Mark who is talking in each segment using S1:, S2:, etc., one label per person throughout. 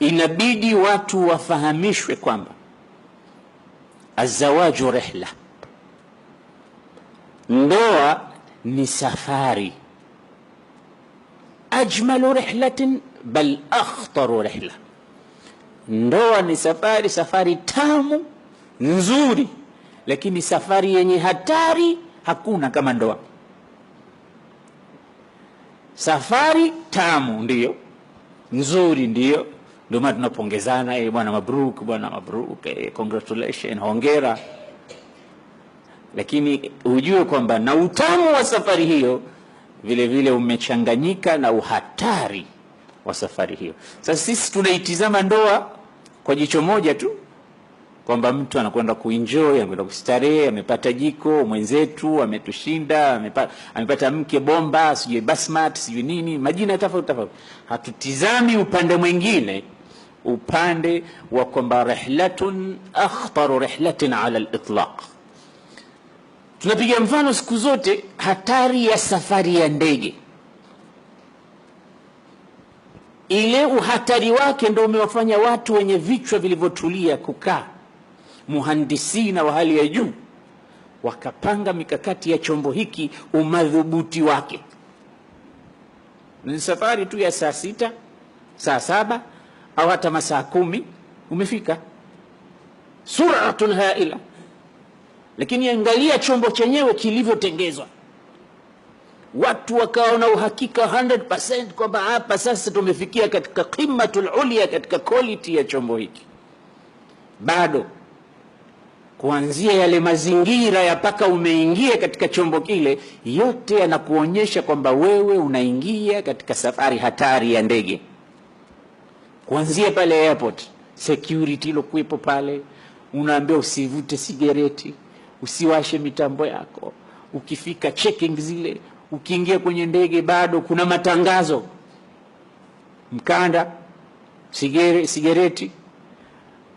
S1: inabidi watu wafahamishwe kwamba azawaju rihla, ndoa ni safari. Ajmalu rihlatin bal akhtaru rihla, ndoa ni safari, safari tamu nzuri, lakini safari yenye hatari hakuna kama ndoa. Safari tamu ndiyo, nzuri ndiyo ndio maana tunapongezana, eh, bwana mabruk, bwana mabruk, eh, congratulations, hongera. Lakini ujue kwamba na utamu wa safari hiyo vile vile umechanganyika na uhatari wa safari hiyo. Sasa sisi tunaitizama ndoa kwa jicho moja tu kwamba mtu anakwenda kuenjoy, anakwenda kustarehe, amepata jiko mwenzetu, ametushinda, amepata, amepata mke bomba, sijui basmat, sijui nini, majina tofauti tofauti. Hatutizami upande mwingine upande wa kwamba rihlatun akhtaru rihlatin ala litlaq. Tunapiga mfano siku zote hatari ya safari ya ndege, ile uhatari wake ndio umewafanya watu wenye vichwa vilivyotulia kukaa, muhandisina wa hali ya juu, wakapanga mikakati ya chombo hiki, umadhubuti wake ni safari tu ya saa sita saa saba au hata masaa kumi umefika, suratun haila. Lakini angalia chombo chenyewe kilivyotengezwa, watu wakaona uhakika 100% kwamba hapa sasa tumefikia katika qimmatul ulya katika quality ya chombo hiki. Bado kuanzia yale mazingira ya paka umeingia katika chombo kile, yote yanakuonyesha kwamba wewe unaingia katika safari hatari ya ndege kuanzia pale airport security ilokuwepo pale, unaambia usivute sigareti, usiwashe mitambo yako, ukifika checking zile, ukiingia kwenye ndege bado kuna matangazo, mkanda sigere, sigareti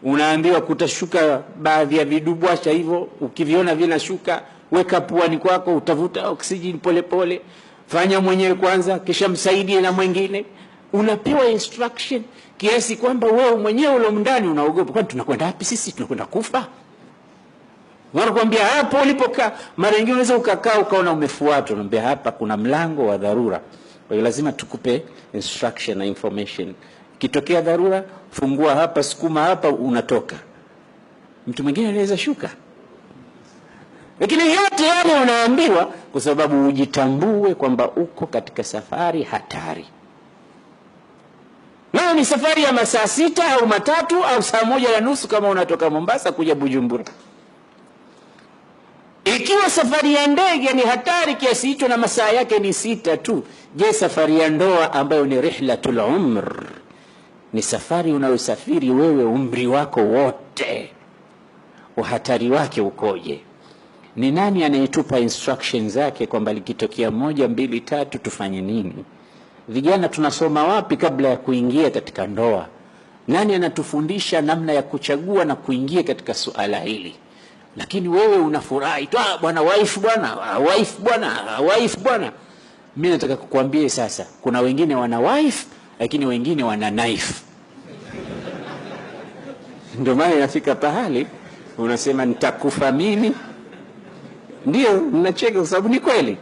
S1: unaambiwa kutashuka baadhi ya vidubwasha hivyo, ukiviona vinashuka, weka puani kwako, utavuta oksijeni polepole, fanya mwenyewe kwanza, kisha msaidie na mwengine unapewa instruction kiasi kwamba wewe mwenyewe ulo ndani unaogopa, kwani tunakwenda wapi sisi? Tunakwenda kufa? Wanakuambia hapo ulipokaa. Mara nyingine unaweza ukakaa ukaona umefuatwa, unaambia hapa kuna mlango wa dharura, kwa hiyo lazima tukupe instruction na information. Kitokea dharura, fungua hapa, sukuma hapa, unatoka. Mtu mwingine anaweza shuka, lakini yote yale unaambiwa kwa sababu ujitambue kwamba uko katika safari hatari. Leo ni safari ya masaa sita au matatu au saa moja na nusu kama unatoka Mombasa kuja Bujumbura. Ikiwa safari ya ndege ni hatari kiasi hicho na masaa yake ni sita tu, je, safari ya ndoa ambayo ni rihlatul umr ni safari unayosafiri wewe umri wako wote, uhatari wake ukoje? Ni nani anayetupa instruction zake kwamba likitokea moja mbili tatu tufanye nini? vijana tunasoma wapi kabla ya kuingia katika ndoa? Nani anatufundisha namna ya kuchagua na kuingia katika suala hili? Lakini wewe unafurahi tu, ah, bwana wife, bwana ah, wife, bwana ah, wife, bwana. Mimi nataka kukuambia sasa, kuna wengine wana wife, lakini wengine wana knife. Ndio maana inafika pahali unasema nitakufa mimi. Ndio mnacheka kwa sababu ni kweli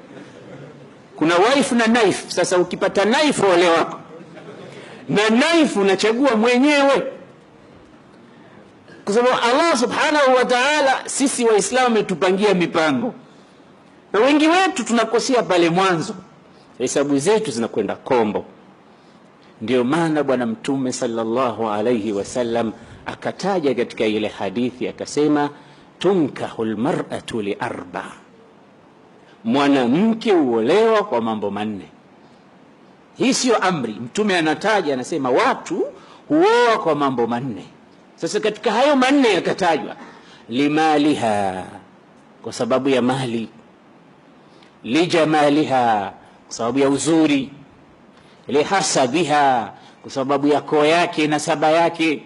S1: kuna wife na knife. Sasa ukipata knife, ole wako na knife, unachagua mwenyewe, kwa sababu Allah subhanahu wa ta'ala, sisi Waislamu ametupangia mipango, na wengi wetu tunakosea pale mwanzo, hesabu zetu zinakwenda kombo. Ndio maana Bwana Mtume sallallahu alayhi wasallam akataja katika ile hadithi akasema, tunkahu lmaratu liarba mwanamke huolewa kwa mambo manne. Hii siyo amri, Mtume anataja, anasema watu huoa kwa mambo manne. Sasa katika hayo manne yakatajwa limaliha, kwa sababu ya mali, lijamaliha, kwa sababu ya uzuri, lihasabiha, kwa sababu ya koo yake na saba yake,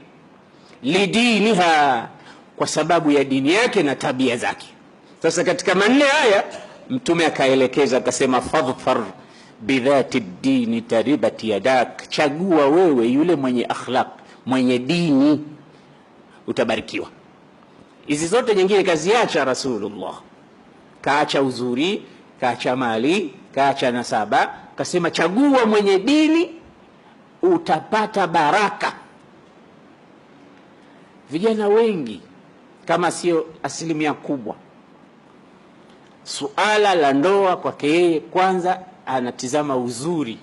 S1: lidiniha, kwa sababu ya dini yake na tabia zake. Sasa katika manne haya Mtume akaelekeza akasema, fadhfar bidhati dini taribat yadak, chagua wewe yule mwenye akhlaq mwenye dini utabarikiwa. Hizi zote nyingine kaziacha Rasulullah, kaacha uzuri, kaacha mali, kaacha nasaba, kasema chagua mwenye dini utapata baraka. Vijana wengi kama sio asilimia kubwa suala la ndoa kwake yeye kwanza anatizama uzuri